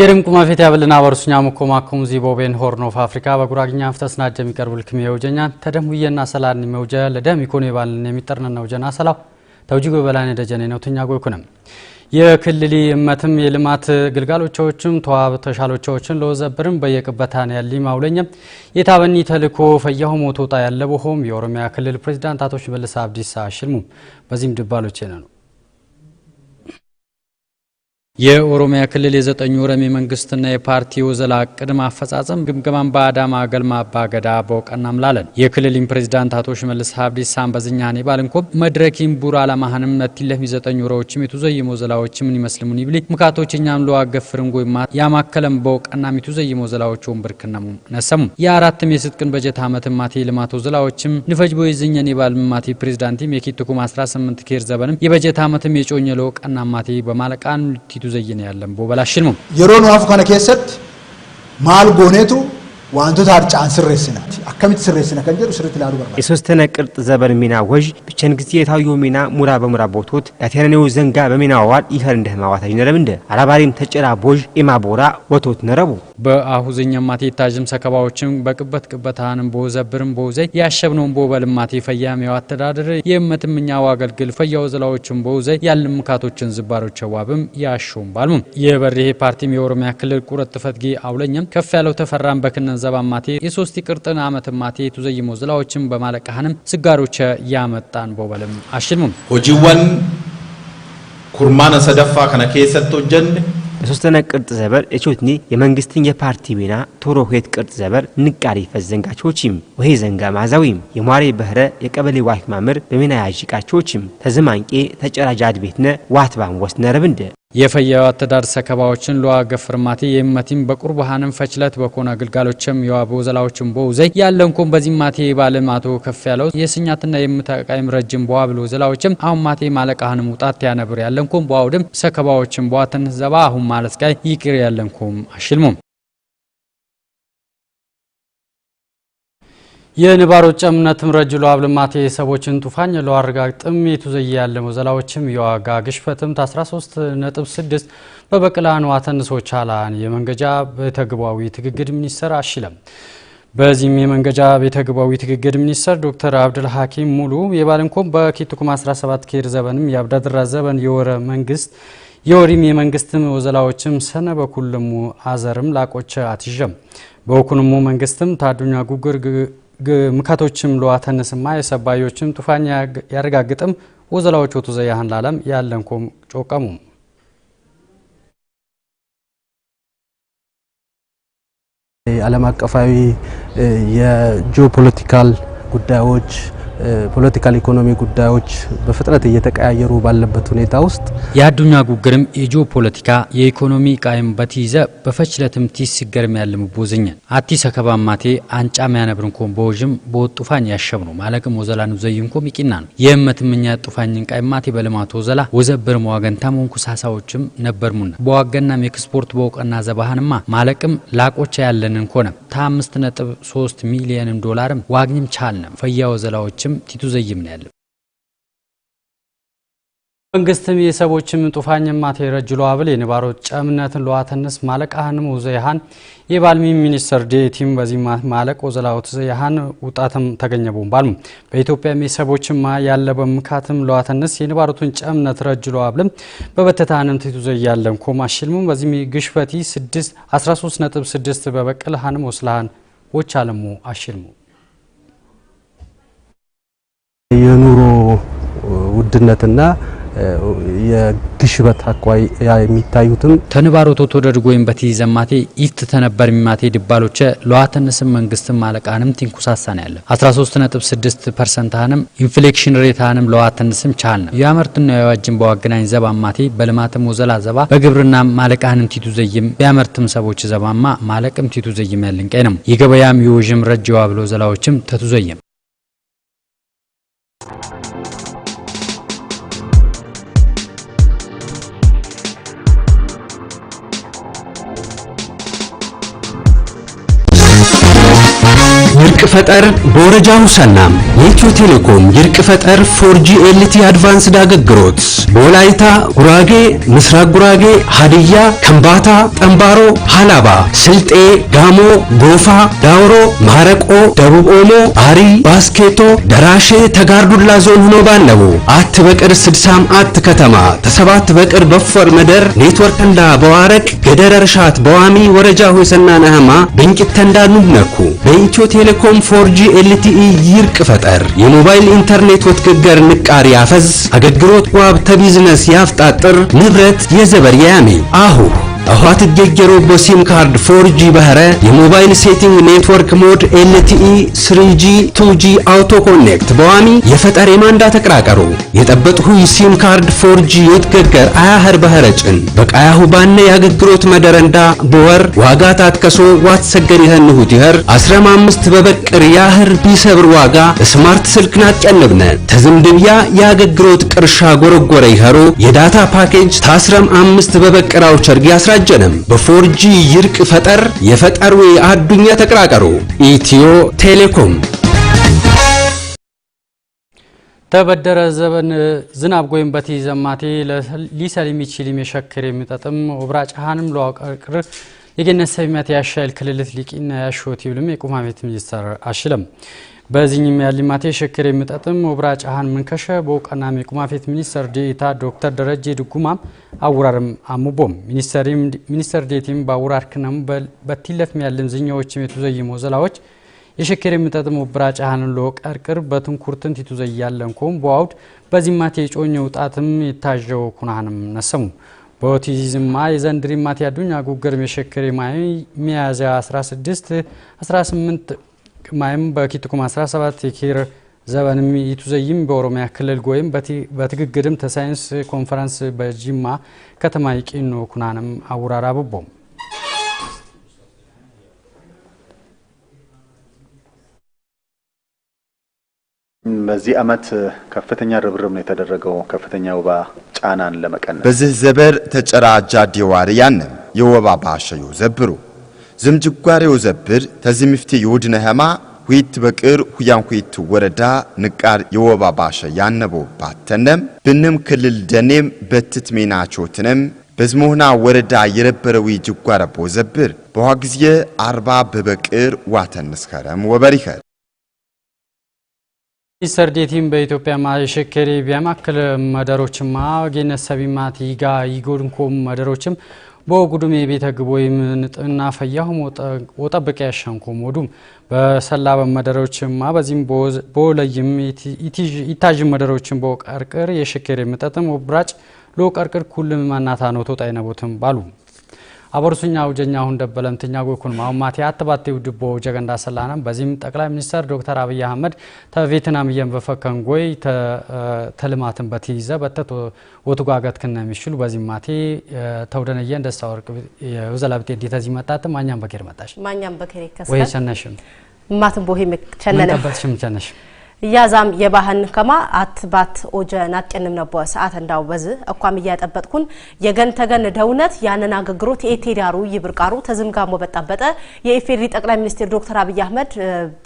ጌርም ቁማ ፌት ያብልና በርሱኛ ቦቤን ዚቦቤን ኦፍ አፍሪካ በጉራግኛ ፍተስናት የሚቀርቡ ልክም የውጀኛ ተደምውየና ሰላን የሚውጀ ለደም ኢኮኖ ባልን ነው ጀና ሰላው ተውጂ በላን ደጀኔ ነው ትኛ ጎይኩንም የክልሊ እመትም የልማት ግልጋሎቻዎችም ተዋብ ተሻሎቻዎችን ለወዘብርም በየቅበታን ያሊ ማውለኝም የታበኒ ተልኮ ፈያሁ ሞቶጣ ያለ ቦሆም የኦሮሚያ ክልል ፕሬዚዳንት አቶ ሽመልስ አብዲሳ አሽልሙም በዚህም ድባሎች ነው የኦሮሚያ ክልል የዘጠኝ ወረም የመንግስትና የፓርቲ ወዘላ ቅድመ አፈጻጸም ግምገማን በአዳማ ገልማ አባገዳ በውቀና ምላለን የክልልን ፕሬዚዳንት አቶ ሽመልስ አብዲሳን ኔ ባልንኮ መድረኪን ቡር አላማህንም ነቲለፍ የዘጠኝ ወረዎችም የቱዘይሞ ዘላዎች ምን ይመስልሙን ይብሊ ምካቶች እኛም ሎ አገፍርን ጎይማ ያማከለም በወቀና የቱዘይሞ ዘላዎች ወንብርክነሙ ነሰሙ የአራትም የስጥቅን በጀት አመት ማቴ ልማት ወዘላዎችም ንፈጅቦ ኔ ባል ማቴ ፕሬዚዳንቲም የኪትኩም 18 ኬር ዘበንም የበጀት አመትም የጮኘ ለውቀና ማቴ በማለቃን ልቲቱ nu zayyin yaallan boobalaa shilmu yeroo nu hafu kana keessatti maal gooneetu ዋንቱት አርጫን sirreessina akkamitti sirreessina ከንጀሩ ስርት ላሉ በርባ barbaada. የሶስተኛ ቅርጽ ሚና ሚናዎች ብቻን ጊዜ የታዩ ሚና ሙራ በሙራ ቦቶት ያቴነኔው ዘንጋ በሚና ዋል ይፈር እንደህ ማዋታጅ ነረም እንደ አራባሪም ተጨራ ቦዥ ኢማ ቦራ ወቶት ነረቡ በአሁዘኛ ማቴ ታጅም ሰከባዎችም በቅበት ቅበታንም ቦዘብርም ቦዘይ ያሸብነውን ማቴ ፈያም ያው አተዳደር የእመትምኛ አገልግል ፈያው ዘላዎችም ቦዘይ ያልም ካቶችን ዝባሮች ዋብም ያሹም ባልሙም የበሬ ፓርቲም የኦሮሚያ ክልል ቁረት ተፈትጌ አውለኛም ከፍ ያለው ተፈራን በክነን ገንዘብ አማቴ የሶስት ይቅርጥን አመት ማቴ ቱዘይሞ ዝላዎችም በማለቃህንም ስጋሮቸ ያመጣን ቦበልም አሽልሙም ሆጂወን ኩርማነ ሰደፋ ከነ ኬሰት ጀን የሶስተነ ቅርጥ ዘበር እቾትኒ የመንግስትን የፓርቲ ቢና ቶሮ ሄት ቅርጥ ዘበር ንቃሪ ፈዘንጋቾችም ወሄ ዘንጋ ማዛዊም የሟሬ በህረ የቀበሌ ዋክ ማምር በሚና ያዥቃቾችም ተዝማንቄ ተጨራጃድ ቤትነ ዋትባም ወስነረብንደ የፈየው አተዳር ሰከባዎችን ለዋ ገፍርማቲ የመቲም በቁርብ ሃንም ፈችለት በኮነ ግልጋሎችም የዋቦ ዘላዎችን ቦ ዘይ ያለንኩም በዚህ ማቴ ባለም አቶ ከፍ ያለው የስኛትና የምታቃይም ረጅም በዋ ብሎ ዘላዎችም አሁን ማቴ ማለቃህንም ውጣት ያነብር ያለንኩም በዋውድም ሰከባዎችን በዋትን ዘባ አሁን ማለት ጋር ይቅር ያለንኩም አሽልሙም የንባሮች ጨምነት ምረጅ ለዋብ ልማት የሰቦችን ጡፋኝ ለዋርጋ አረጋግጥም የቱዘያ ያለ መዘላዎችም የዋጋ ግሽፈትም 13 13.6 በበቅላ ንዋ ተንሶች አላን የመንገጃ በተግባዊ ትግግድ ሚኒስተር አሽለም በዚህም የመንገጃ ቤተግባዊ ትግግድ ሚኒስተር ዶክተር አብድል ሐኪም ሙሉ የባለንኮም በኪትኩም 17 ኬር ዘበንም የአብዳድራ ዘበን የወረ መንግስት የወሪም የመንግስትም ወዘላዎችም ሰነ በኩልሙ አዘርም ላቆቸ አትዠም በኩንሙ መንግስትም ታዱኛ ጉግር ምካቶችም ለዋ የሰባዮችም ቱፋኝ ያረጋግጥም ወዘላዎች ወቱ ዘያህን ላለም ያለንኮም ጮቀሙ ዓለም አቀፋዊ የጂኦፖለቲካል ጉዳዮች ፖለቲካል ኢኮኖሚ ጉዳዮች በፍጥነት እየተቀያየሩ ባለበት ሁኔታ ውስጥ የአዱኛ ጉግርም የጂኦ ፖለቲካ የኢኮኖሚ ቃይም በትይዘ በፈችለትም ቲስ ሲገርም ያለም ቦዝኝ አቲ ሰከባ ማቴ አንጫ ሚያነብርን ኮን በወዥም በወጡፋኝ ያሸብ ነው ማለቅም ወዘላን ዘይን ኮ ሚቂና ነው የህመት ምኛ ጡፋኝን ቃይ ማቴ በልማት ወዘላ ወዘብር መዋገንታ መንኩ ሳሳዎችም ነበርሙና በዋገናም ኤክስፖርት በውቀና ዘባህንማ ማለቅም ላቆቻ ያለንን ኮነ ታ አምስት ነጥብ ሶስት ሚሊየንም ዶላርም ዋግኝም ቻልነ ፈያ ወዘላዎችም ሰዎችም ቲቱ ዘይም ነው ያለው። መንግስትም የሰቦችም ጡፋኝ ማቴ ረጅሎ አብል የንባሮ ጨምነትን ለዋተንስ ማለቅ አህንም ወዘያሃን የባልሚ ሚኒስተር ዴቲም በዚህ ማለቅ ወዘላውት ዘያሃን ውጣትም ተገኘቡም ባልሙ በኢትዮጵያ የሰቦችም ያለ በምካትም ለዋተንስ የንባሮቱን ጨምነት ረጅሎ አብልም በበተታንም ትቱ ዘያለም ኮማሽልሙም በዚህ ግሽፈቲ 6 13.6 በበቅል ሃንም ወስላሃን ወቻለሙ አሽልሙ የኑሮ ውድነትና የግሽበት አኳይ የሚታዩትም ተንባሮቶ ተወደድ ጎይም በቲ ዘማቴ ይፍት ተነበር ሚማቴ ድባሎች ለዋተንስም መንግስትም ማለቃንም ቲንኩሳሳን ያለ 13.6 ፐርሰንታንም ኢንፍሌክሽን ሬታንም አንም ለዋተንስም ቻል ነው ያመርትና የዋጅን በዋገናኝ ዘባማቴ በልማትም ወዘላ ዘባ በግብርና ማለቃንም ቲቱ ዘይም ቢያመርትም ሰቦች ዘባማ ማለቅም ቲቱ ዘይም ያልንቀይ ነው የገበያም የወዥም ረጅዋ ብሎ ዘላዎችም ተቱ ዘይም ይርቅ ፈጠር በወረጃ ሰናም የኢትዮ ቴሌኮም ይርቅ ፈጠር ፎርጂ ኤልቲ አድቫንስድ አገልግሎት በወላይታ ጉራጌ፣ ምስራቅ ጉራጌ፣ ሀዲያ፣ ከምባታ፣ ጠምባሮ፣ ሀላባ፣ ስልጤ፣ ጋሞ፣ ጎፋ፣ ዳውሮ፣ ማረቆ፣ ደቡብ ኦሞ፣ አሪ፣ ባስኬቶ፣ ደራሼ፣ ተጋርዱላ ዞን ሆኖ ባለው አት በቅር ስድሳም አት ከተማ ተሰባት በቅር በፎር መደር ኔትወርክ እንዳ በዋረቅ ገደረ ርሻት በዋሚ ወረጃ ሆሰና ነህማ ተንዳኑ ነኩ በኢትዮ ቴሌኮም ቴሌኮም ፎርጂ ኤልቲኢ ይርቅ ፈጠር የሞባይል ኢንተርኔት ወትክገር ንቃር ያፈዝ አገልግሎት ዋብ ተቢዝነስ ያፍጣጥር ንብረት የዘበር ያሜ አሁን አሁን ገጀሮ በሲም ካርድ 4G ባህረ የሞባይል ሴቲንግ ኔትወርክ ሞድ LTE 3G 2G አውቶ ኮኔክት በዋሚ የፈጠር የማንዳ ተቀራቀሩ የጠበጥሁ ሲም ካርድ 4G ይትገገር አያህር ባህረ ጭን በቃያሁ ባነ የአገልግሎት መደረንዳ በወር ዋጋ ታትከሶ ዋትሰገር ይህንሁት ይኸር 15 በበቅር ያህር ቢሰብር ዋጋ ስማርት ስልክ ናትጨንብነ ተዝምድብያ የአገልግሎት ቅርሻ ጎረጎረ ይኸሩ የዳታ ፓኬጅ ታስረም አምስት በበቅራው ቸርጊ አላደራጀንም። በፎርጂ ይርቅ ፈጠር የፈጠሩ የአዱኛ ተቀራቀሩ። ኢትዮ ቴሌኮም። ተበደረ ዘበን ዝናብ ጎይም በቲ ዘማቴ ሊሰል የሚችል የሚሸክር የሚጠጥም ኦብራ ጫሃንም ለዋቀርቅር የገነት ሰሚያት ያሻይል ክልልት ሊቂና ያሾት ይብልም የቁማቤት ሚኒስተር አሽለም በዚህም ያሊማቴ ሽክር የምጠጥም ወብራ ጫሃን ምንከሸ በውቀና ሜቁማፌት ሚኒስተር ዴኤታ ዶክተር ደረጀ ድጉማም አውራርም አሙቦም ሚኒስተር ዴቲም በአውራር ክነሙ በቲለፍ ያልም ዝኛዎችም የቱዘይሞ ዘላዎች የሸክር የምጠጥም ወብራ ጫሃንን ለወቀርቅር በትንኩርትን ቲቱዘይ ያለንኮም በዋውድ በዚማቴ ጮኘ ውጣትም የታጀው ኩናህንም ነሰሙ በኦቲዝማ የዘንድሪ ማቴ ያዱኝ አጉገር የሽክር ማይ ሚያዝያ 16 18 ማይም በኪትኩም 17 የኬር ዘበንም ይቱዘይም በኦሮሚያ ክልል ጎይም በትግግድም ተሳይንስ ኮንፈረንስ በጂማ ከተማ ይቂኖ ኩናንም አውራራ ብቦም በዚህ አመት ከፍተኛ ርብርብ ነው የተደረገው። ከፍተኛ ወባ ጫናን ለመቀነስ በዚህ ዘበር ተጨራ ጃዴዋርያን የወባ ባሸዩ ዘብሩ ዝምጅጓሬው ወዘብር ተዝምፍቲ ይውድነ ይውድ ነኸማ ሁይት በቅር ሁያን ሁይት ወረዳ ንቃር የወባ ባሸ ያነቦ ባተነም ብንም ክልል ደኔም በትት ሜናቾትንም በዝሞህና ወረዳ የረበረዊ ጅጓረ ቦዘብር በኋ ጊዜ አርባ በበቅር ዋተንስከረም ወበሪኸር ኢሰርዴቲም በኢትዮጵያ ማሽከሪ ቢያማክል መደሮችማ ጌነሰቢማት ይጋ ይጎድንኮም መደሮችም በጉዱሜ ቤተ ግቦ ወይም ንጥና ፈያሁም ወጠብቀ ያሻንኩም ወዱም በሰላ በመደሮችማ በዚህም በወለይም ኢታዥ መደሮችን በቀርቅር የሽክር የምጠጥም ወብራጭ ለወቀርቅር ኩልም ማናታ ነው ተወጣይነቦትም ባሉ አበርሱኛ ውጀኛ ሁን ደበለምትኛ ጎይኩን ማውማት የአትባቴው ውድቦ ጀገንዳ ሰላናም በዚህም ጠቅላይ ሚኒስትር ዶክተር አብይ አህመድ ተቬትናም እየን በፈከን ጎይ ተልማትን በትይዘ በተት ወትጓገት ክነ የሚችሉ በዚህ ማቴ ተውደነየ ደስታ ወርቅ የዘላብጤ እንዴት ተዚህ መጣት ማኛም በኬር መጣሽ ማኛም በኬር ከሰ ወይ ቸነሽም ማትም ቦሄ ቸነነ መጠበትሽም ቸነሽም እያዛም የባህን ከማ አትባት ኦጀ ናጤንም ነቦ ሰዓት እንዳው በዝ እኳም እያጠበጥኩን የገን ተገን ደውነት ያንን አገግሮት ኤቴዳሩ ይብርቃሩ ተዝምጋሞ በጣበጠ የኢፌዴሪ ጠቅላይ ሚኒስትር ዶክተር አብይ አህመድ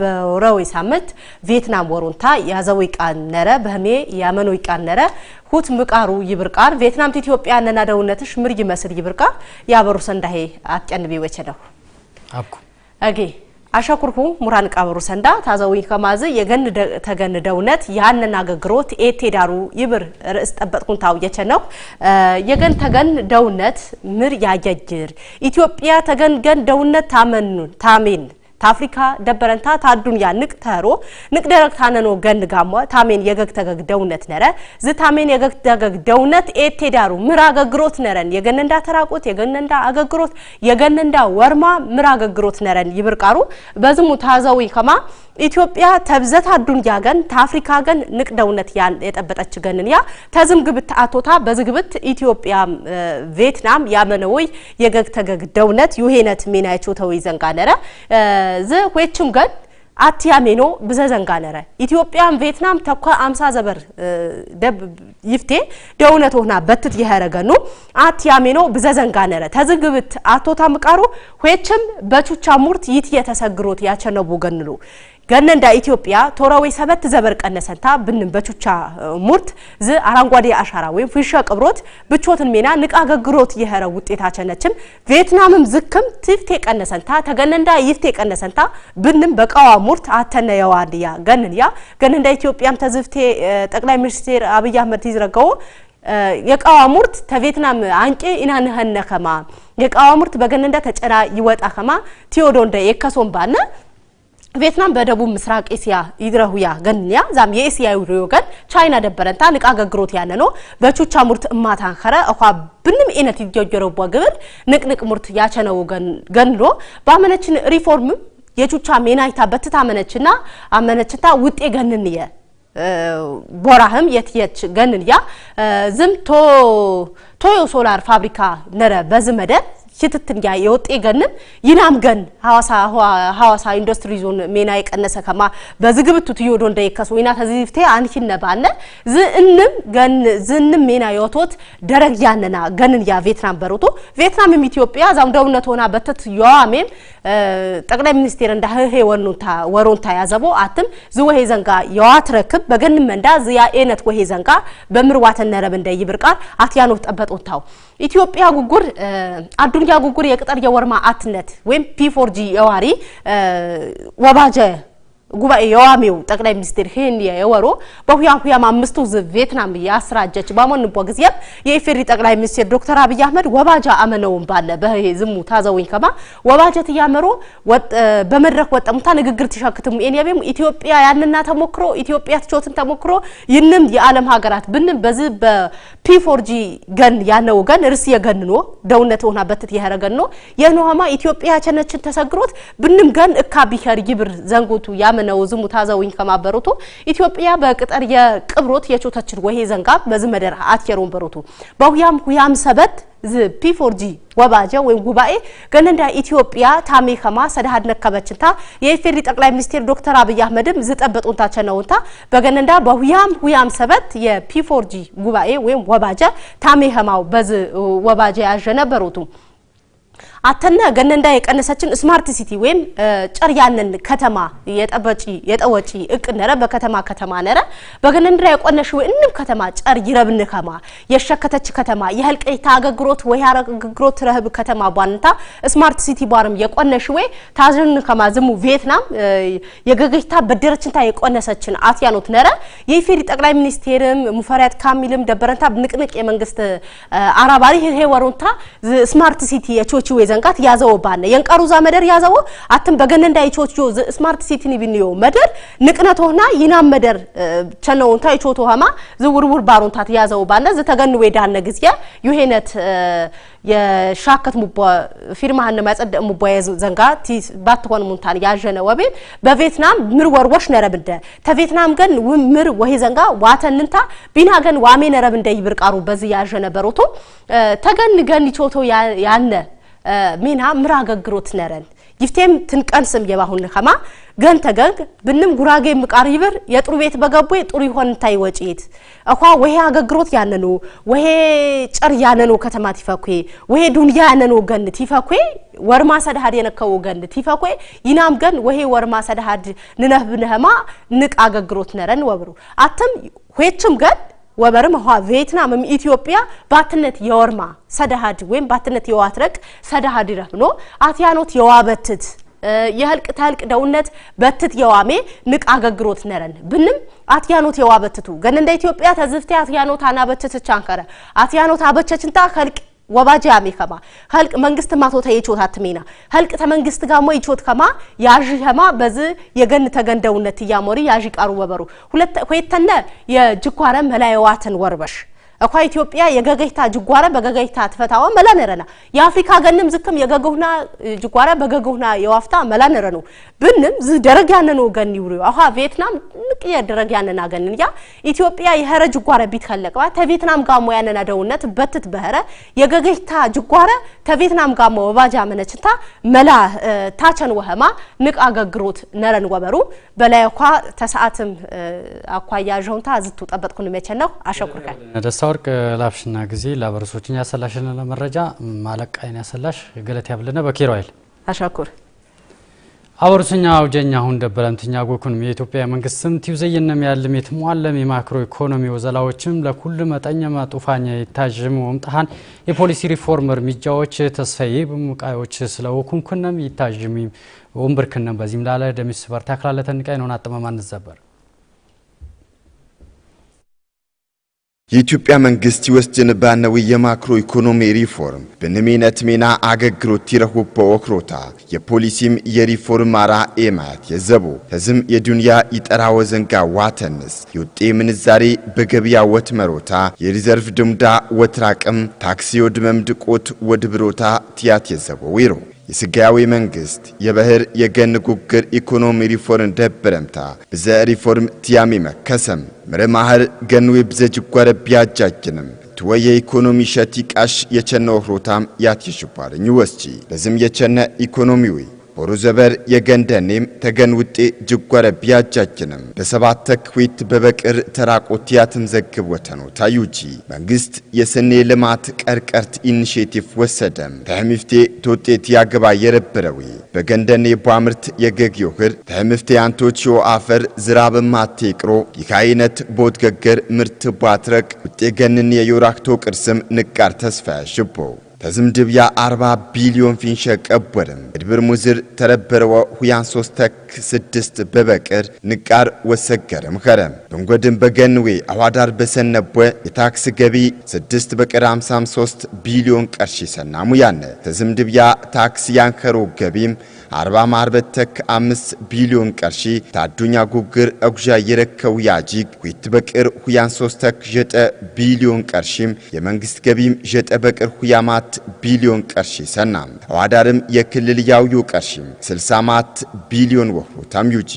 በረዊ ሳምንት ቪየትናም ወሩንታ ያዘው ይቃነረ በህሜ ያመኑ ይቃነረ ሁት ምቃሩ ይብርቃር ቪየትናም ኢትዮጵያ ያንን አደውነትሽ ምር ይመስል ይብርቃር ያበሩ ሰንዳሄ አትጨንቢ ይወቸደው አኩ አብኩ አጌ አሻኩርኩ ሙራን ቀበሩ ሰንዳ ታዘዊ ከማዝ የገን ተገን ደውነት ያንን አገግሮት ኤቴ ዳሩ ይብር ርዕስ ጠበጥኩን ታው የቸነው የገን ተገን ደውነት ምር ያጀጅር ኢትዮጵያ ተገን ገን ደውነት ታመኑ ታሜን ታፍሪካ ደበረንታ ታዱንያ ንቅ ተሮ ንቅ ደረግ ታነኖ ገን ጋሞ ታሜን የገግ ተገግ ደውነት ነረ ዝ ታሜን የገግ ተገግ ደውነት ኤቴ ዳሩ ምራ አገግሮት ነረን የገነንዳ ተራቆት የገነንዳ አገግሮት የገነንዳ ወርማ ምራ አገግሮት ነረን ይብርቃሩ በዝሙ ታዘዊ ከማ ኢትዮጵያ ተብዘት አዱን ያገን ታፍሪካ ገን ንቅደውነት የጠበጠች ገንን ያ ተዝምግብት አቶታ በዝግብት ኢትዮጵያ ቬትናም ያመነወይ የገግ ተገግ ደውነት ዩሄነት ሜናይቹ ተወይ ዘንጋነረ ዝ ሆችም ገን አትያሜኖ ብዘ ዘንጋነረ ኢትዮጵያም ቬትናም ተኳ አምሳ ዘበር ደብ ይፍቴ ደውነት ሆና በትት የኸረገኑ አትያሜኖ ብዘ ዘንጋነረ ተዝግብት አቶታ ምቃሩ ሆችም በቹቻ ሙርት ይት የተሰግሮት ያቸነቡ ገንሉ ገነንዳ ኢትዮጵያ ቶራዌ ሰበት ዘበር ቀነሰንታ ብንም በቹቻ ሙርት ዝ አረንጓዴ አሻራ ወይም ፊሻ ቅብሮት ብቾትን ሜና ንቃ ገግሮት የኸረ ውጤታቸነችም ቪየትናምም ዝክም ትፍቴ ቀነሰንታ ተገነንዳ ይፍቴ ቀነሰንታ ብንም በቃዋ ሙርት አተነ የዋንድያ ገንንያ ገነንዳ ኢትዮጵያም ተዝፍቴ ጠቅላይ ሚኒስቴር አብይ አህመድ ይዝረገው የቃዋሙርት ተቬትናም አንቄ ኢናንኸነ ከማ የቃዋሙርት በገነንዳ ተጨራ ይወጣ ከማ ቲዮዶንደ ባነ ቬትናም በደቡብ ምስራቅ እስያ ይድረሁያ ገንያ ዛም የእስያ ይድረሁ ገን ቻይና ደበረንታ ንቃ ገግሮት ያለ ነው በቹቻ ሙርት እማታን ኸረ እኳ ብንም ኤነት ይጆጆረው ግብል ንቅንቅ ሙርት ያቸነው ገንሎ ባመነችን ሪፎርም የቹቻ ሜናይታ በትታ መነችና አመነችታ ውጤ ገንንየ ቦራህም የትየች ገንንያ ዝም ቶ ቶዮ ሶላር ፋብሪካ ነረ በዝመደ ሽትትንያ የወጤ ገንን ይናም ገን ሀዋሳ ሐዋሳ ኢንዱስትሪ ዞን ሜና የቀነሰ ከማ በዝግብቱ ትዮዶ እንደይከሱ ይና ተዚፍቴ አንሽነ ባነ ዝእንም ገን ዝንም ሜና የወቶት ደረግ ያነና ገንን ያ ቬትናም በሮቶ ቬትናምም ኢትዮጵያ ዛም ደውነት ሆና በተት ዮዋሜም ጠቅላይ ሚኒስቴር እንደ ህሄ ወኑታ ወሮንታ ያዘቦ አትም ዝወሄ ዘንጋ የዋትረክብ በገን መንዳ ዝያ ኤነት ወሄ ዘንጋ በምርዋተነረብ እንደይብርቃል አትያኖት ጠበጦታው ኢትዮጵያ ጉጉር አዱ የጉንጃ ጉንጉር የቅጠር የወርማ አትነት ወይም ፒ ፎር ጂ የዋሪ ወባጀ ጉባኤ የዋሜው ጠቅላይ ሚኒስትር ሄንየ የወሮ በሁያም ሁያም አምስቱ ቬትናም ያስራጀች ባሞንቦ ጊዜም የኢፌሪ ጠቅላይ ሚኒስትር ዶክተር አብይ አህመድ ወባጃ አመነውን ባለ በህ ዝሙ ታዘውኝ ከማ ወባጀት እያመሮ በመድረክ ወጠሙታ ንግግር ትሸክትሙ ኤንያቤም ኢትዮጵያ ያንና ተሞክሮ ኢትዮጵያ ትቾትን ተሞክሮ ይንም የዓለም ሀገራት ብንም በዚ በፒፎርጂ ገን ያነው ገን እርስ የገንኖ ደውነት ሆና በትት ያረገኖ የኖሃማ ኢትዮጵያ ቸነችን ተሰግሮት ብንም ገን እካ ቢከር ይብር ዘንጎቱ ያመ ነው ዝሙ ታዘውኝ ከማበሩቱ ኢትዮጵያ በቅጠር የቅብሮት የቾተችን ወሄ ዘንጋ በዝ መደራ አትየሮን በሮቱ በሁያም ሁያም ሰበት ዝ 4 ፒፎርጂ ወባጀ ወይም ጉባኤ ገነንዳ ኢትዮጵያ ታሜ ከማ ሰዳሃድ ነከበችንታ የኢፌሪ ጠቅላይ ሚኒስቴር ዶክተር አብይ አህመድም ዝጠበጡንታ ቸነውንታ በገነንዳ በሁያም ሁያም ሰበት 4 የፒፎርጂ ጉባኤ ወይም ወባጀ ታሜ ከማው በዝ ወባጀ ያጀ ነበሩቱ አተነ ገነንዳ የቀነሰችን ስማርት ሲቲ ወይም ጨር ያንን ከተማ የጠበጪ የጠወጪ እቅ ነረ በከተማ ከተማ ነረ በገነንዳ የቆነሽ እንም ከተማ ጨር ይረብን ከማ የሸከተች ከተማ የህልቀይታ አገግሮት ወይ አገግሮት ረህብ ከተማ ቧንታ ስማርት ሲቲ ቧርም የቆነሽ ወይ ታዝን ከማ ዝሙ ቪየትናም የገገኝታ በደረችንታ የቆነሰችን አትያኖት ነረ የኢፌሪ ጠቅላይ ሚኒስቴርም ሙፈሪያት ካሚልም ደበረንታ ንቅንቅ የመንግስት አራባሪ ህሄ ስማርት ሲቲ የቾቺ ዘንቃት ያዘው ባነ የንቀሩ ዛ መደር ያዘው አትም በገነ እንዳይቾት ጆ ስማርት ሲቲ ኒቪኒዮ መደር ንቅነቶና ይናም መደር ቸነውን ታይቾቶ ሃማ ዝውርውር ባሩንታት ታት ያዘው ባነ ዝተገን ወዳነ ግዚያ ዩሄነት የሻከት ሙባ ፊርማ ሀነ ማጸደ ሙባ ያዘ ዘንጋ ቲ ባትሆን ሙንታን ያጀነ ወቤ በቬትናም ምር ወርወሽ ነረብደ ተቬትናም ገን ምር ወሄ ዘንጋ ዋተንንታ ቢና ገን ዋሜ ነረብ እንደ ይብርቃሩ በዚህ ያጀነ በሮቶ ተገን ገን ቾቶ ያነ ሜና ምራገግሮት ነረን ይፍቴም ትንቀንስም የባሁን ከማ ገን ተገግ ብንም ጉራጌ ምቃር ይብር የጥሩ ቤት በገቡ ጥሩ ይሆን እንታይ ወጪት እኳ ወሄ አገግሮት ያነኑ ወሄ ጨር ያነኑ ከተማ ቲፈኩ ወሄ ዱንያ ያነኑ ገን ቲፈኩ ወርማ ሰድሃድ የነከው ገን ቲፈኩ ይናም ገን ወሄ ወርማ ሰድሃድ ንነህ ብነህማ ንቅ አገግሮት ነረን ወብሩ አተም ሆችም ገን ወበርም ሆ ቬትናምም ኢትዮጵያ ባትነት የወርማ ሰደሃድ ወይም ባትነት የዋትረቅ ሰደሃድ ረፍኖ አትያኖት የዋበትት የህልቅ ተህልቅ ደውነት በትት የዋሜ ንቅ አገግሮት ነረን ብንም አትያኖት የዋበትቱ ገን እንደ ኢትዮጵያ ተዝፍቴ አትያኖት አናበትት ቻንከረ አትያኖት አበቸችንታ ከልቅ ወባጃሜ ከማ ህልቅ መንግስት ማቶታ የቾታ ሜና ህልቅ ተመንግስት ጋሞ ይቾት ከማ ያዥ ከማ በዝ የገን ተገንደውነት እያሞሪ ያዥ ቃሩ ወበሩ ሁለት ኮይተነ የጅኳረ ህላይዋትን ወርበሽ እኳ ኢትዮጵያ የገገይታ ጅጓረ በገገይታ ትፈታወን መላ ነረና የአፍሪካ ገንም ዝክም የገገሁና ጅጓረ በገገሁና የዋፍታ መላነረ ነው ብንም ዝ ደረግ ያነነው ገን ይውሩ አሃ ቪየትናም ንቅ የደረግ ያነና ገንን ያ ኢትዮጵያ የኸረ ጅጓረ ቢትከለቀዋ ተቪየትናም ጋሞ ያነና ደውነት በትት በኸረ የገገይታ ጅጓረ ከቬትናም ጋር ወባጃ መነችታ መላ ታቸን ወህማ ንቅ አገግሮት ነረን ወበሩ በላይ ኳ ተሰዓትም አኳያ ዦንታ ዝቱ ጠበጥኩን መቸን ነው አሸኩርከ ደስታ ወርቅ ላብሽና ጊዜ ላበረሶችን ያሰላሽን ለመረጃ ማለቃይን ያሰላሽ ገለት ያብልነ በኪሮ አሸኩር አበሩስኛ አውጀኛ አሁን ደበለምትኛ ጎኩንም የኢትዮጵያ መንግስትም ቲውዘይንም ያልም የትሟለም የማክሮ ኢኮኖሚ ወዘላዎችም ለኩል መጠኘማ ጡፋኛ ይታዥም ወምጣሃን የፖሊሲ ሪፎርም እርምጃዎች ተስፋዬ በሙቃዮች ስለወኩንኩንም ይታዥም ወንብርክነም በዚህም ላለ ደሚስ በርታ ክላለተን ቃይ ነውን አጥመማን ዘበር የኢትዮጵያ መንግስት ይወስድን ባነዊ የማክሮ ኢኮኖሚ ሪፎርም ብንሜነት ሜና አገግሮት ይረሁቦ በኦክሮታ የፖሊሲም የሪፎርም አራ ኤማት የዘቦ ህዝም የዱንያ ይጠራ ወዘንጋ ዋተንስ የውጤ ምንዛሬ በገበያ ወትመሮታ የሪዘርቭ ድምዳ ወትራቅም ታክሲ ወድመምድቆት ወድብሮታ ትያት የዘቦ ዊሮ የስጋያዊ መንግስት የባህር የገን ጉግር ኢኮኖሚ ሪፎርም ደብረምታ ብዘ ሪፎርም ትያሜመ መከሰም ምርማህር ማህር ገኑ ብዘ ጅጓረ ቢያጃጅንም ትወየ ኢኮኖሚ ሸቲ ቃሽ የቸነ ኦፍሮታም ያትየሽባርኝ ወስጂ በዝም የቸነ ኢኮኖሚዊ ወሩ ዘበር የገንደኔም ተገን ውጤ ጅጓረ ቢያጃጅንም በሰባት ተክዊት በበቅር ተራቆቲያትም ዘግብ ወተኑ ታዩጂ መንግስት የስኔ ልማት ቀርቀርት ኢኒሽቲቭ ወሰደም ተህምፍቴ ተውጤት ያገባ የረብረዊ በገንደኔ ቧምርት የገግ ይሁር ተህምፍቴ አንቶችዮ አፈር ዝራብም አቴቅሮ ይካይነት ቦት ገገር ምርት ቧትረቅ ውጤ ገንን የዮራክቶ ቅርስም ንቃር ተስፋ ያሽቦ ተዝምድብያ 40 ቢሊዮን ፊንሸ ቀበረም እድብር ሙዝር ተረበረወ ሁያን ሶስተክ ስድስት በበቅር ንቃር ወሰገረም ኸረም በንጎድም በገንዌ አዋዳር በሰነበ የታክስ ገቢ ስድስት በቅር 53 ቢሊዮን ቀርሺ ሰናሙ ተዝምድብያ ታክስ ያንከሮ ገቢም አርባ ማርበት አምስት ቢሊዮን ቀርሺ ታዱኛ ጉግር እጉዣ የረከው ያጂግ ኩት በቅር ሁያን ሶስተክ ዠጠ ቢሊዮን ቀርሺም የመንግስት ገቢም ዠጠ በቅር ሁያማት ቢሊዮን ቀርሺ ሰና አዋዳርም የክልል ያውዩ ቀርሺም ስልሳማት ቢሊዮን ወሁ ታምዩጂ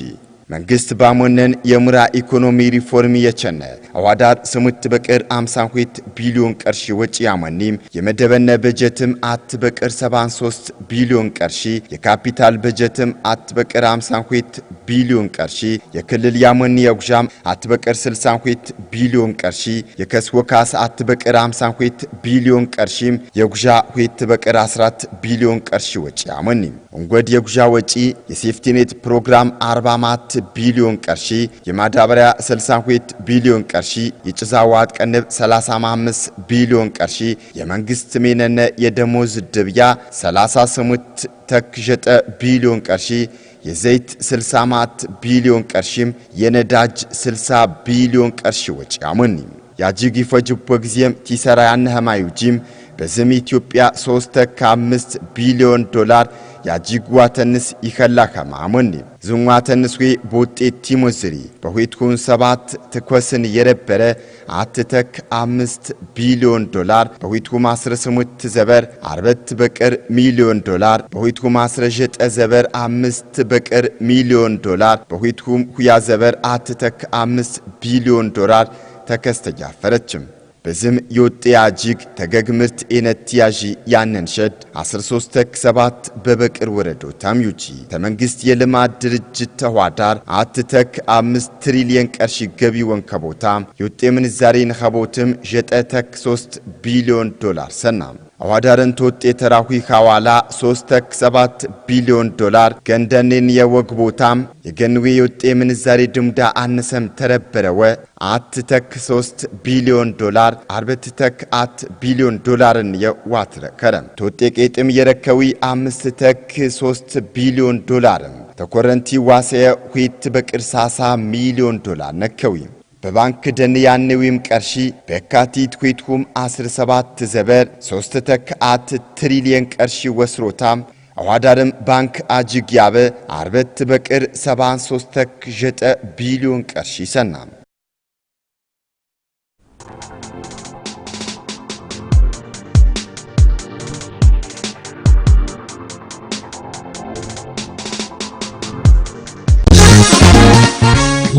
መንግስት ባሞነን የሙራ ኢኮኖሚ ሪፎርም የቸነ አዋዳር ስሙት በቅር 52 ቢሊዮን ቀርሺ ወጪ ያመኒም የመደበነ በጀትም አት በቅር 73 ቢሊዮን ቀርሺ የካፒታል በጀትም አት በቅር 52 ቢሊዮን ቀርሺ የክልል ያመኒ የጉዣም አት በቅር 62 ቢሊዮን ቀርሺ የከስወካስ አት በቅር 52 ቢሊዮን ቀርሺም የጉዣ ሁት በቅር 14 ቢሊዮን ቀርሺ ወጪ ያመኒም እንጎድ የጉዣ ወጪ የሴፍቲኔት ፕሮግራም 40 ማት ቢሊዮን ቀርሺ የማዳበሪያ 62 ቢሊዮን ቀርሺ ቀርሺ የጭዛዋት ቀንብ 35 ቢሊዮን ቀርሺ የመንግስት ሜነነ የደሞዝ ድብያ 38 ተክሸጠ ቢሊዮን ቀርሺ የዘይት 64 ቢሊዮን ቀርሺም የነዳጅ 60 ቢሊዮን ቀርሺ ወጪ አሙኒ ያጂግ ይፈጅቦ ጊዜም ቲሰራ ያነ ህማዩጂም በዝም ኢትዮጵያ 3 ተካ 5 ቢሊዮን ዶላር ተንስ ያጂጓተንስ ይኸላኸማ ሞኒ ዝዋተንስ ዌ ቦጤቲ ሞዝሪ በሁትኩን ሰባት ትኮስን የረበረ አትተክ አምስት ቢሊዮን ዶላር በሁትኩ ማስረ ስሙት ዘበር አርበት በቅር ሚሊዮን ዶላር በሁትኩ ማስረ ዠጠ ዘበር አምስት በቅር ሚሊዮን ዶላር በሁትኩም ሁያ ዘበር አትተክ አምስት ቢሊዮን ዶላር ተከስተጃፈረችም ብዝም ይውጥ ያጅግ ተገግምርት ምርት ኤነት ያዢ ያነን ሸድ 13 ተክ 7 በበቅር ወረዶ ታምዩጂ ተመንግስት የልማት ድርጅት ተዋዳር አት 5 ትሪሊየን ቀርሺ ገቢ ወንከቦታ ይውጥ ምንዛሬ ንኸቦትም ዠጠ ተክ 3 ቢሊዮን ዶላር ሰናም አዋዳርን ወጤ ተራዊ ሐዋላ 37 ቢሊዮን ዶላር ገንደኔን የወግ ቦታም የገንዌ የወጤ ምንዛሬ ድምዳ አንሰም ተረበረወ አትተክ 3 ቢሊዮን ዶላር አርበትተክ አት ቢሊዮን ዶላርን የዋትረ ከረም ተወጤ ቄጥም የረከዊ አምስት ተክ 3 ቢሊዮን ዶላርም ተኮረንቲ ዋሴ ሁት በቅርሳሳ ሚሊዮን ዶላር ነከዊ በባንክ ደን ያነዊም ቀርሺ በካቲት ኩይትኩም 17 ዘበር 3 ተከአት ትሪሊየን ቀርሺ ወስሮታም አዋዳርም ባንክ አጅግ ያበ አርበት በቅር 73 ተክ ዠጠ ቢሊዮን ቀርሺ ሰናም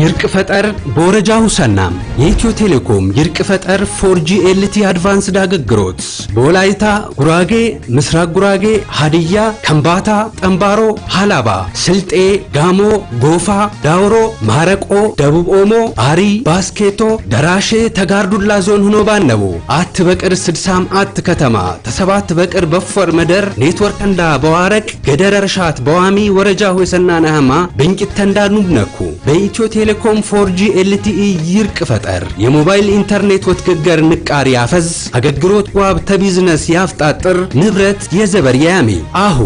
ይርቅ ፈጠር በወረጃ ሁሰና የኢትዮ ቴሌኮም ይርቅ ፈጠር ፎርጂ ኤልቲ አድቫንስድ አገልግሎት በወላይታ ጉራጌ፣ ምስራቅ ጉራጌ፣ ሀዲያ፣ ከምባታ፣ ጠምባሮ፣ ሀላባ፣ ስልጤ፣ ጋሞ፣ ጎፋ፣ ዳውሮ፣ ማረቆ፣ ደቡብ ኦሞ፣ አሪ፣ ባስኬቶ፣ ደራሼ፣ ተጋርዱላ ዞን ሆኖ ባነቡ አት በቅር ስድሳም አት ከተማ ተሰባት በቅር በፎር መደር ኔትወርክ እንዳ በዋረቅ ገደረ ርሻት በዋሚ ወረጃ ሁሰና ናህማ ብንጭት ተንዳ ነኩ በኢትዮ ቴሌኮም ፎርጂ ኤልቲኢ ይርቅ ፈጠር የሞባይል ኢንተርኔት ወትገገር ንቃር ያፈዝ አገልግሎት ዋብ ተቢዝነስ ያፍጣጥር ንብረት የዘበር ያሜ አሁ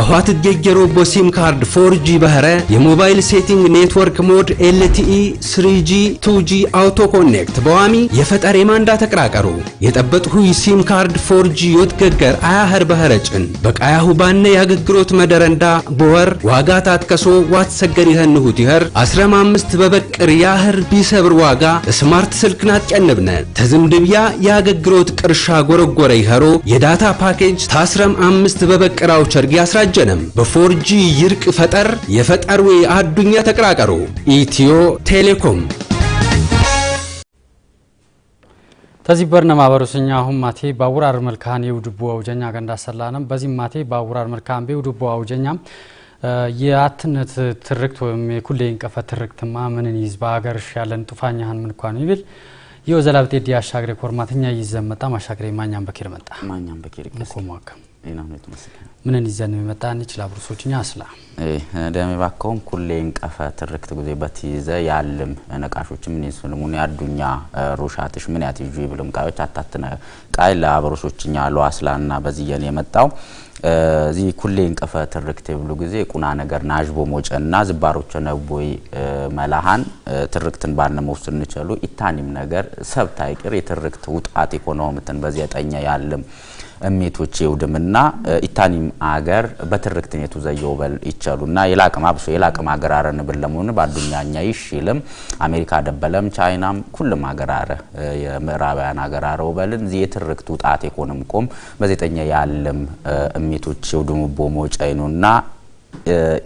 አሁን አዋትጌጌሮ በሲም ካርድ 4 g ባህረ የሞባይል ሴቲንግ ኔትወርክ ሞድ LTE 3 g 2 g አውቶ ኮኔክት በዋሚ የፈጠር የማንዳ ተቀራቀሩ የጠበጥሁ ሁይ ሲም ካርድ 4 g ዮትገገር አያህር ባህረ ጭን በቃያሁ ባነ የአግግሮት መደረንዳ በወር ዋጋ ታትከሶ ዋት ሰገር ይኸንሁት ይኸር 15 በበቅር ያህር ቢሰብር ዋጋ ስማርት ስልክ ናትጨንብነ ተዝምድብያ የአግግሮት ቅርሻ ጎረጎረ ይኸሮ የዳታ ፓኬጅ ታስረም አምስት በበቅራው ቸርጊ አልተዘጋጀንም። በፎርጂ ይርቅ ፈጠር የፈጠርዌ አዱኛ ተቀራቀሩ። ኢትዮ ቴሌኮም ተዚህ በርነ ማበሩስኛ አሁን ማቴ ባቡር መልካን የውድቦ አውጀኛ ገንዳ ሰላንም በዚህ ማቴ ባውራር መልካን በውድቦ አውጀኛም የአትነት ትርክት ወይም የኩሌ እንቀፈ ትርክትማ ምንን ይዝ በሀገር ያለን ጡፋኛህን ምንኳን ይብል ይኸው ዘላብጤ ዲ አሻግሬ ኮርማትኛ ይዘመጣ ማሻግሬ ማኛም በኪር መጣ ማኛም በኪር ኢናምነት መስከና ምንን ይዘን የመጣን ይችላል ብሩሶችኛ አስላ ደሜ ባከውን ኩሌን ቀፈ ትርክት ጊዜ በትይዘ ያልም ነቃሾች ምን ይስልሙን ያዱኛ ሩሻትሽ ምን ያትዩ ይብልም ቃዮች አታትነ ቃይ ለአብሮሶችኛ አሉ አስላና በዚየን የመጣው እዚህ ኩሌን ቀፈ ትርክት የብሉ ጊዜ ቁና ነገር ናዥቦ ሞጨ ና ዝባሮቸ ነቦይ መላሃን ትርክትን ባነ መውስድ እንችሉ ኢታኒም ነገር ሰብታይ ቅር የትርክት ውጣት ምትን በዚያ ጠኛ ያልም እሜቶቼ የውድምና ኢታኒም አገር በትርክትኔቱ ዘየውበል ይቸሉና የላቅም አብሶ የላቅም አገር አረ ንብል ለመሆን በአዱኛኛ ይሽልም አሜሪካ ደበለም ቻይናም ሁሉም ኩልም አገራረ የምዕራባውያን አረ ውበልን ዚ የትርክቱ ጣት የኮንም ቆም በዜጠኛ ያለም እሜቶቼ ውድሙ ቦሞ ጨይኑና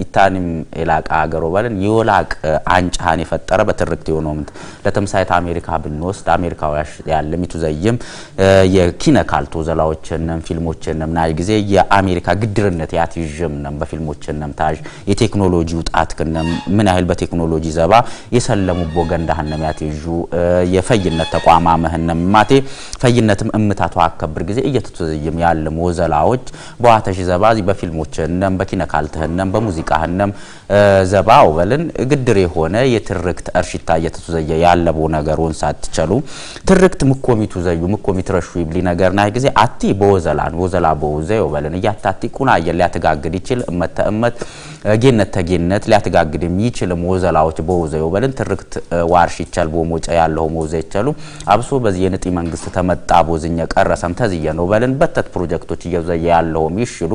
ኢታኒም የላቀ ሀገሮ ባለን የወላቅ አንጫን የፈጠረ በትርክት የሆነውምት ለተምሳይት አሜሪካ ብንወስድ አሜሪካዊ ያለ ሚቱ ዘይም የኪነ ካልቶ ዘላዎችንም ፊልሞችንም ናይ ጊዜ የአሜሪካ ግድርነት ያትዥምንም በፊልሞችንም ታዥ የቴክኖሎጂ ውጣት ክንም ምን ያህል በቴክኖሎጂ ዘባ የሰለሙ ቦገንዳህንም ያትዥ የፈይነት ተቋማ መህንም ማቴ ፈይነትም እምታቷ አከብር ጊዜ እየትቱ ዘይም ያለ ሞዘላዎች በዋተሽ ዘባ በፊልሞችንም በኪነ ካልትህን ሀነም በሙዚቃ ሀነም ዘባ በልን ግድር የሆነ የትርክት እርሽታ እየተቱ ዘየ ያለቦ ነገሩን ሳትቸሉ ትርክት ምኮሚቱ ዘዩ ምኮሚት ረሹ ይብሊ ነገር ናይ ጊዜ አቲ በወዘላን ወዘላ በወዘ ይወበልን እያታቲ ቁና እየሊያ ተጋግድ ይችል እመተ እመት ጌነት ተጌነት ሊያተጋግድ የሚችል ሞዘላዎች በወዘዮ በልን ትርክት ዋርሽ ይቻል ቦሞጨ ያለው ሞዘ ይቻሉ አብሶ በዚህ የንጢ መንግስት ተመጣ ቦዝኛ ቀረሰም ሰምተዝየ ነው በልን በተት ፕሮጀክቶች እየዘየ ያለውም ይሽሉ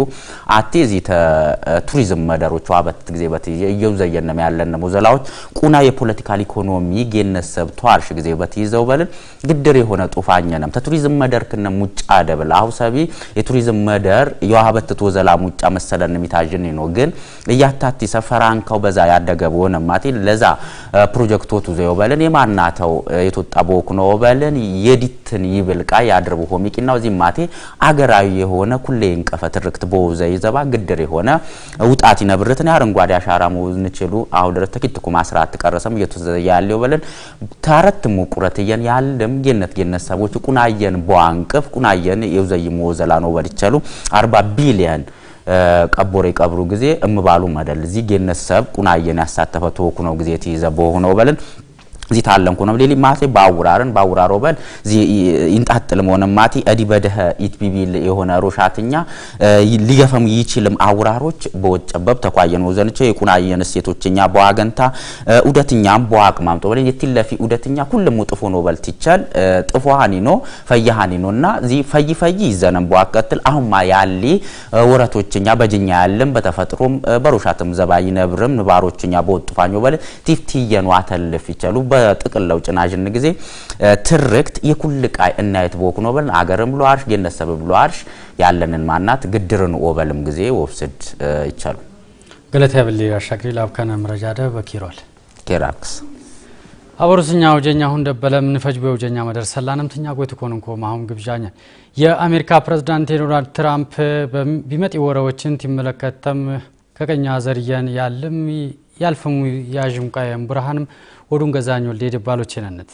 አቴዚ ቱሪዝም መደሮች አበት ጊዜ በት እየዘየነም ነው ያለን ሞዘላዎች ቁና የፖለቲካል ኢኮኖሚ ጌነት ሰብቶ አርሽ ጊዜ ይዘው በልን ግድር የሆነ ጡፋኛ ነው ተቱሪዝም መደር ከነ ሙጫ ደብል አሁሰቢ የቱሪዝም መደር የዋህበት ተወዘላ ሙጫ መሰለን የሚታጅን ነው ግን እያታቲ ሰፈራንከው በዛ ያደገ በሆነ ማቲ ለዛ ፕሮጀክቶቱ ዘዮ በልን የማናተው የቶጣ ነው በልን የዲትን ይብልቃ ያድርቡ ሆሚቂናው እዚህ ማቴ አገራዊ የሆነ ኩሌ እንቀፈ ትርክት በወዘ ይዘባ ግድር የሆነ ውጣት ይነብርትን አረንጓዴ አሻራ መውዝን ችሉ አሁ ድረስ ተኪትኩ ማስራት ተቀረሰም እየተዘ ያለው በልን ሙቁረት የን ያለም ጌነት ጌነት ሰቦች ቁናየን በዋንቅፍ ቁናየን የውዘይ መወዘላ ነው በልቸሉ 40 ቢሊየን ቀቦሬ ቀብሩ ጊዜ እምባሉም አደል እዚ ጌነት ሰብ ቁናየን ያሳተፈ ተወኩ ነው ጊዜ ትይዘ በሆነው በልን ዚታለንኩ ነው ሌሊ ማሴ ባውራረን ባውራሮ በል ይንጣጥልም ሆነ ማቲ እዲ በደህ ኢትቢቢል የሆነ ሮሻትኛ ሊገፈም ይችልም አውራሮች በወጨበብ ተኳየን ወዘንቸ የቁናየን ሴቶችኛ በዋገንታ ኡደትኛም በዋቅማምጦ በለ የትለፊ ኡደትኛ ሁሉም ጥፎ ነው በል ትቻል ጥፎ ሀኒ ነው ፈይሃኒ ነውና ዚ ፈይ ፈይ ይዘነም በዋቀጥል አሁን ማ ያሊ ወረቶችኛ በጅኛ ያለም በተፈጥሮም በሮሻትም ዘባይ ነብርም ንባሮችኛ በወጥፋኞ በለ ቲፍቲ የኗ ተልፍ ይቻሉ ተጥቅለው ጭናዥን ጊዜ ትርክት የኩልቃይ እናየት ቦክኖ በል አገርም ብሎ አርሽ የነሰብ ብሎ አርሽ ያለንን ማናት ግድርን ኦበልም ጊዜ ወብስድ ይቻሉ ገለታ ያብል አሻግሪ ላብካና መረጃ ደ በኪሯል ኬራክስ አበሩስኛ ውጀኛ ሁን ደበለም ንፈጅ በውጀኛ መደር ሰላንም ትኛ ጎይት ኮንንኮ ማሁን ግብዣኛ የአሜሪካ ፕሬዝዳንት ዶናልድ ትራምፕ ቢመጥ ወረዎችን ትመለከተም ከቀኛ ዘርየን ያልም ያልፈሙ ያዥም ብርሃንም ሆዱን ገዛኝ ወልዴ ደባሎቼ ነነት